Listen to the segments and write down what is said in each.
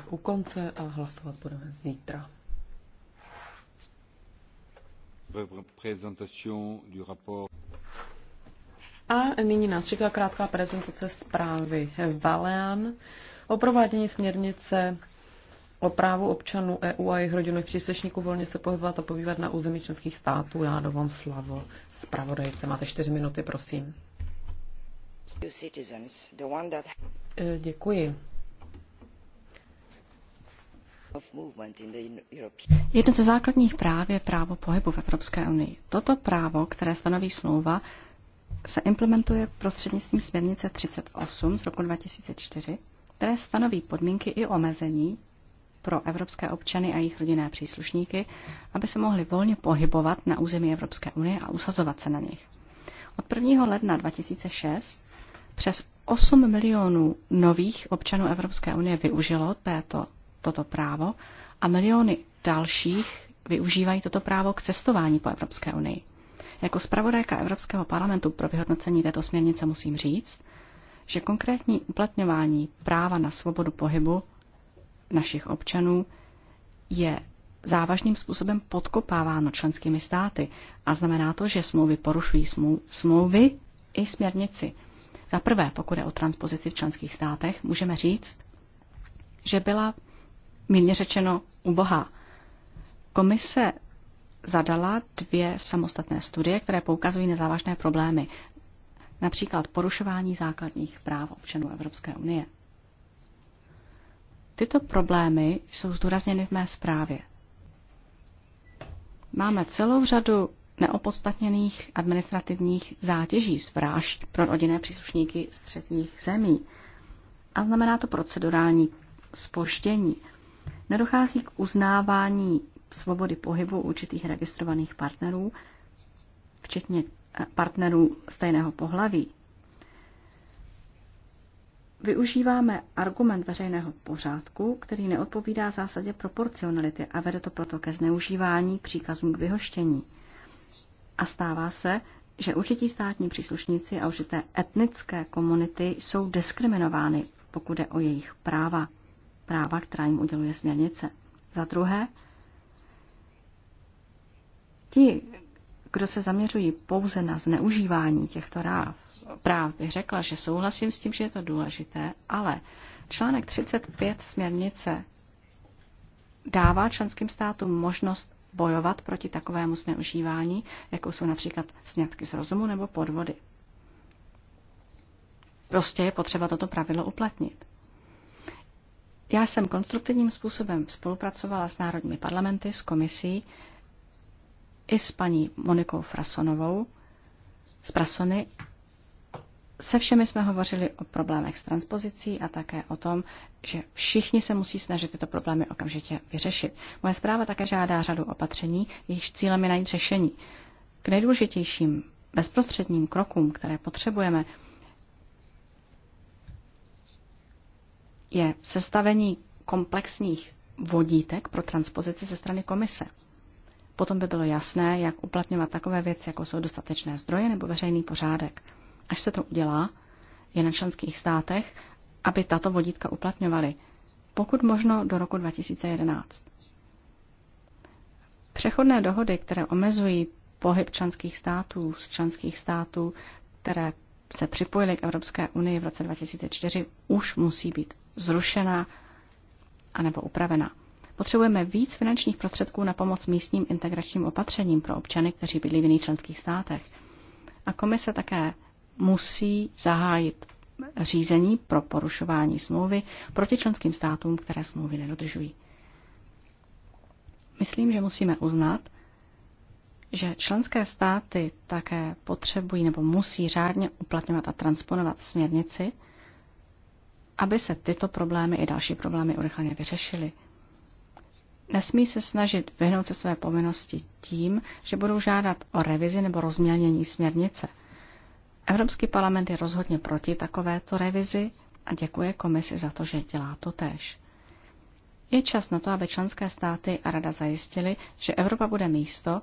je u konce a hlasovat budeme zítra. A nyní nás čeká krátká prezentace zprávy Valean o provádění směrnice o právu občanů EU a jejich rodinných příslušníků volně se pohybovat a pobývat na území členských států. Já dovolím slavo zpravodajce. Máte čtyři minuty, prosím. Eh, děkuji. Jedno ze základních práv je právo pohybu v Evropské unii. Toto právo, které stanoví smlouva, se implementuje prostřednictvím směrnice 38 z roku 2004, které stanoví podmínky i omezení pro evropské občany a jejich rodinné příslušníky, aby se mohli volně pohybovat na území Evropské unie a usazovat se na nich. Od 1. ledna 2006 přes 8 milionů nových občanů Evropské unie využilo této toto právo a miliony dalších využívají toto právo k cestování po Evropské unii. Jako zpravodajka Evropského parlamentu pro vyhodnocení této směrnice musím říct, že konkrétní uplatňování práva na svobodu pohybu našich občanů je závažným způsobem podkopáváno členskými státy a znamená to, že smlouvy porušují smlouvy i směrnici. Za prvé, pokud je o transpozici v členských státech, můžeme říct, že byla mírně řečeno ubohá. Komise zadala dvě samostatné studie, které poukazují na závažné problémy, například porušování základních práv občanů Evropské unie. Tyto problémy jsou zdůrazněny v mé zprávě. Máme celou řadu neopodstatněných administrativních zátěží zvrášť pro rodinné příslušníky z třetích zemí. A znamená to procedurální spoždění. Nedochází k uznávání svobody pohybu určitých registrovaných partnerů, včetně eh, partnerů stejného pohlaví. Využíváme argument veřejného pořádku, který neodpovídá zásadě proporcionality a vede to proto ke zneužívání příkazů k vyhoštění. A stává se, že určití státní příslušníci a určité etnické komunity jsou diskriminovány, pokud je o jejich práva práva, která jim uděluje směrnice. Za druhé, ti, kdo se zaměřují pouze na zneužívání těchto ráv, práv, bych řekla, že souhlasím s tím, že je to důležité, ale článek 35 směrnice dává členským státům možnost bojovat proti takovému zneužívání, jako jsou například snědky z rozumu nebo podvody. Prostě je potřeba toto pravidlo uplatnit. Já jsem konstruktivním způsobem spolupracovala s národními parlamenty, s komisí i s paní Monikou Frasonovou z Prasony. Se všemi jsme hovořili o problémech s transpozicí a také o tom, že všichni se musí snažit tyto problémy okamžitě vyřešit. Moje zpráva také žádá řadu opatření, jejichž cílem je najít řešení. K nejdůležitějším bezprostředním krokům, které potřebujeme, je sestavení komplexních vodítek pro transpozici ze strany komise. Potom by bylo jasné, jak uplatňovat takové věci, jako jsou dostatečné zdroje nebo veřejný pořádek. Až se to udělá, je na členských státech, aby tato vodítka uplatňovaly, pokud možno do roku 2011. Přechodné dohody, které omezují pohyb členských států z členských států, které se připojily k Evropské unii v roce 2004, už musí být zrušena anebo upravena. Potřebujeme víc finančních prostředků na pomoc místním integračním opatřením pro občany, kteří bydlí v jiných členských státech. A komise také musí zahájit řízení pro porušování smlouvy proti členským státům, které smlouvy nedodržují. Myslím, že musíme uznat, že členské státy také potřebují nebo musí řádně uplatňovat a transponovat směrnici, aby se tyto problémy i další problémy urychleně vyřešily. Nesmí se snažit vyhnout se své povinnosti tím, že budou žádat o revizi nebo rozmělnění směrnice. Evropský parlament je rozhodně proti takovéto revizi a děkuje komisi za to, že dělá to též. Je čas na to, aby členské státy a rada zajistili, že Evropa bude místo,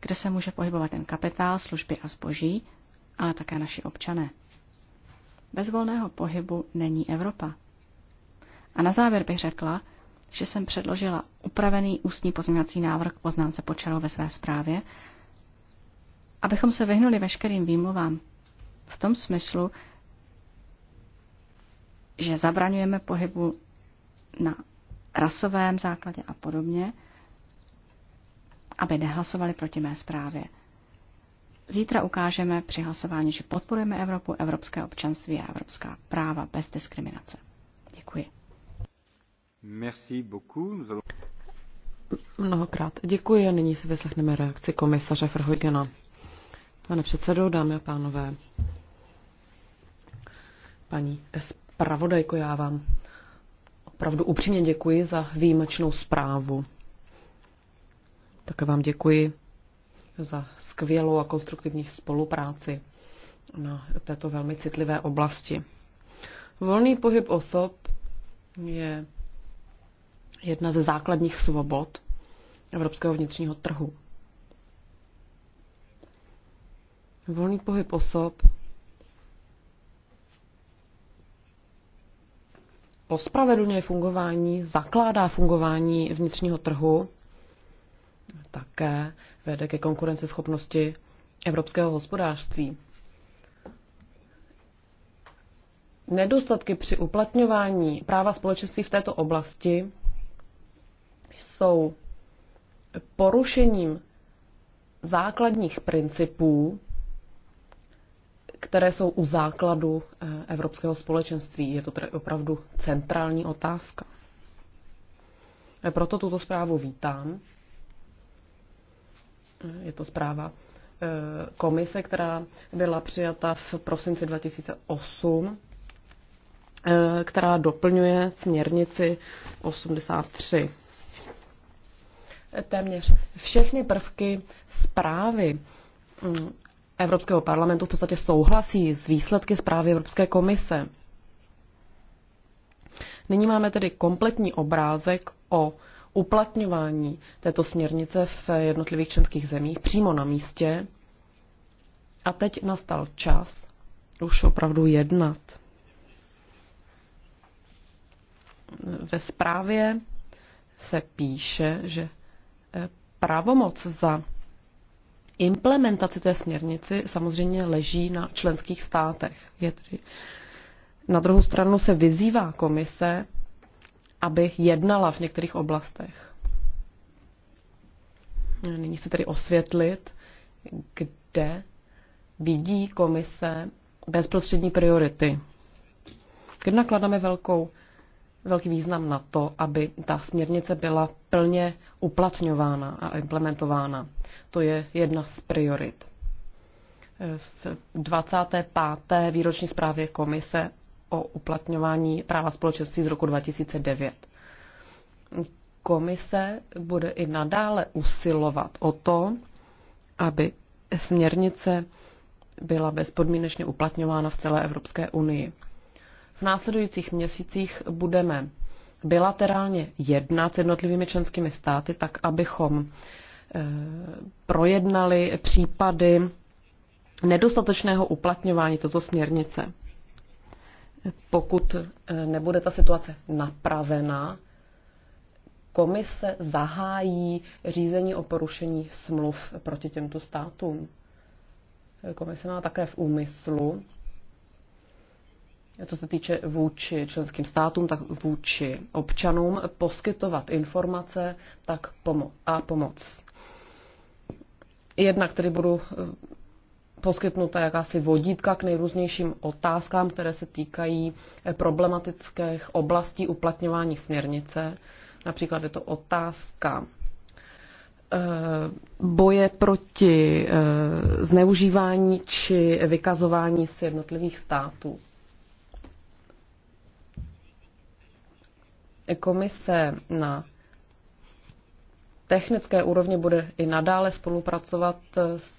kde se může pohybovat jen kapitál, služby a zboží, ale také naši občané. Bez volného pohybu není Evropa. A na závěr bych řekla, že jsem předložila upravený ústní pozměňovací návrh k poznámce počalo ve své zprávě, abychom se vyhnuli veškerým výmluvám v tom smyslu, že zabraňujeme pohybu na rasovém základě a podobně, aby nehlasovali proti mé zprávě. Zítra ukážeme při hlasování, že podporujeme Evropu, evropské občanství a evropská práva bez diskriminace. Děkuji. Merci beaucoup. Mnohokrát děkuji a nyní se vyslechneme reakci komisaře Frhojgena. Pane předsedo, dámy a pánové, paní zpravodajko, já vám opravdu upřímně děkuji za výjimečnou zprávu. Také vám děkuji za skvělou a konstruktivní spolupráci na této velmi citlivé oblasti. Volný pohyb osob je jedna ze základních svobod evropského vnitřního trhu. Volný pohyb osob ospravedlňuje fungování, zakládá fungování vnitřního trhu také vede ke konkurenceschopnosti evropského hospodářství. Nedostatky při uplatňování práva společenství v této oblasti jsou porušením základních principů, které jsou u základu eh, Evropského společenství. Je to tedy opravdu centrální otázka. Proto tuto zprávu vítám je to zpráva e, komise, která byla přijata v prosinci 2008, e, která doplňuje směrnici 83. Téměř všechny prvky zprávy mm, Evropského parlamentu v podstatě souhlasí s výsledky zprávy Evropské komise. Nyní máme tedy kompletní obrázek o uplatňování této směrnice v jednotlivých členských zemích přímo na místě. A teď nastal čas už opravdu jednat. Ve zprávě se píše, že eh, pravomoc za implementaci té směrnici samozřejmě leží na členských státech. Je tedy na druhou stranu se vyzývá komise, aby jednala v některých oblastech. Nyní se tedy osvětlit, kde vidí komise bezprostřední priority. Kdy nakladáme velkou, velký význam na to, aby ta směrnice byla plně uplatňována a implementována. To je jedna z priorit. V 25. výroční zprávě komise o uplatňování práva společenství z roku 2009. Komise bude i nadále usilovat o to, aby směrnice byla bezpodmínečně uplatňována v celé Evropské unii. V následujících měsících budeme bilaterálně jednat s jednotlivými členskými státy, tak abychom e, projednali případy nedostatečného uplatňování toto směrnice pokud eh, nebude ta situace napravena, komise zahájí řízení o porušení smluv proti těmto státům. Komise má také v úmyslu, co se týče vůči členským státům, tak vůči občanům, poskytovat informace tak pomo- a pomoc. Jednak tedy budu eh, poskytnuta jakási vodítka k nejrůznějším otázkám, které se týkají eh, problematických oblastí uplatňování směrnice. Například je to otázka eh, boje proti eh, zneužívání či vykazování z jednotlivých států. Komise na technické úrovni bude i nadále spolupracovat s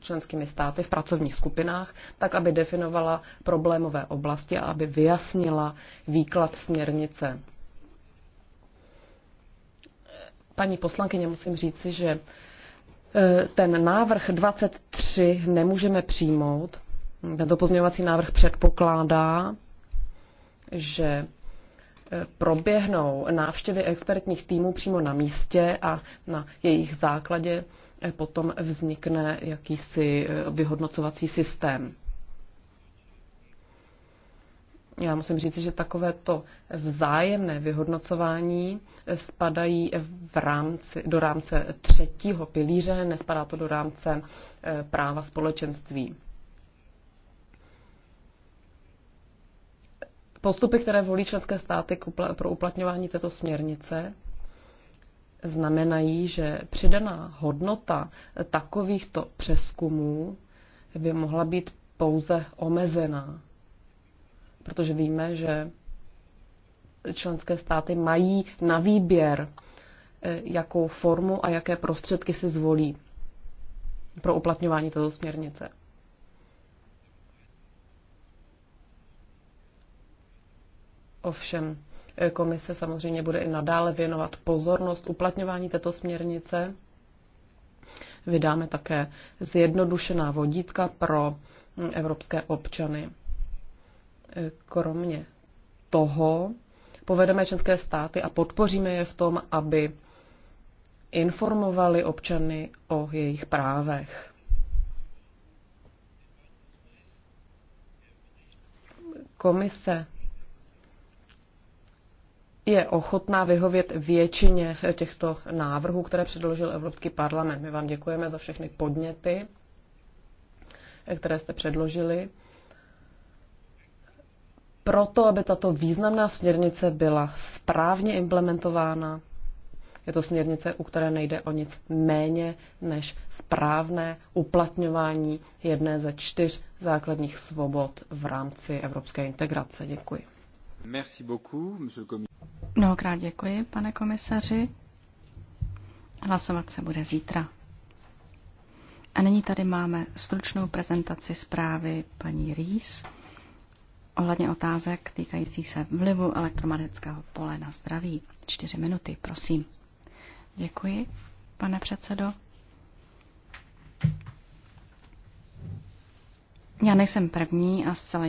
členskými státy v pracovních skupinách, tak aby definovala problémové oblasti a aby vyjasnila výklad směrnice. Paní poslankyně, musím říci, že e, ten návrh 23 nemůžeme přijmout. Tento pozměňovací návrh předpokládá, že proběhnou návštěvy expertních týmů přímo na místě a na jejich základě eh, potom vznikne jakýsi eh, vyhodnocovací systém. Já musím říct, že takovéto vzájemné vyhodnocování eh, spadají v rámci, do rámce třetího pilíře, nespadá to do rámce práva společenství. Postupy, které volí členské státy pro uplatňování této směrnice, znamenají, že přidaná hodnota takovýchto přeskumů by mohla být pouze omezená. Protože víme, že členské státy mají na výběr, e, jakou formu a jaké prostředky si zvolí pro uplatňování této směrnice. Ovšem, eh, komise samozřejmě bude i nadále věnovat pozornost uplatňování této směrnice. Vydáme také zjednodušená vodítka pro hm, evropské občany. Eh, kromě toho povedeme české státy a podpoříme je v tom, aby informovali občany o jejich právech. Komise je ochotná vyhovět většině těchto návrhů, které předložil Evropský parlament. My vám děkujeme za všechny podněty, které jste předložili. Proto, aby tato významná směrnice byla správně implementována, je to směrnice, u které nejde o nic méně než správné uplatňování jedné ze čtyř základních svobod v rámci evropské integrace. Děkuji. Merci beaucoup, Mnohokrát děkuji, pane komisaři. Hlasovat se bude zítra. A nyní tady máme stručnou prezentaci zprávy paní Rýs ohledně otázek týkajících se vlivu elektromagnetického pole na zdraví. Čtyři minuty, prosím. Děkuji, pane předsedo. Já nejsem první a zcela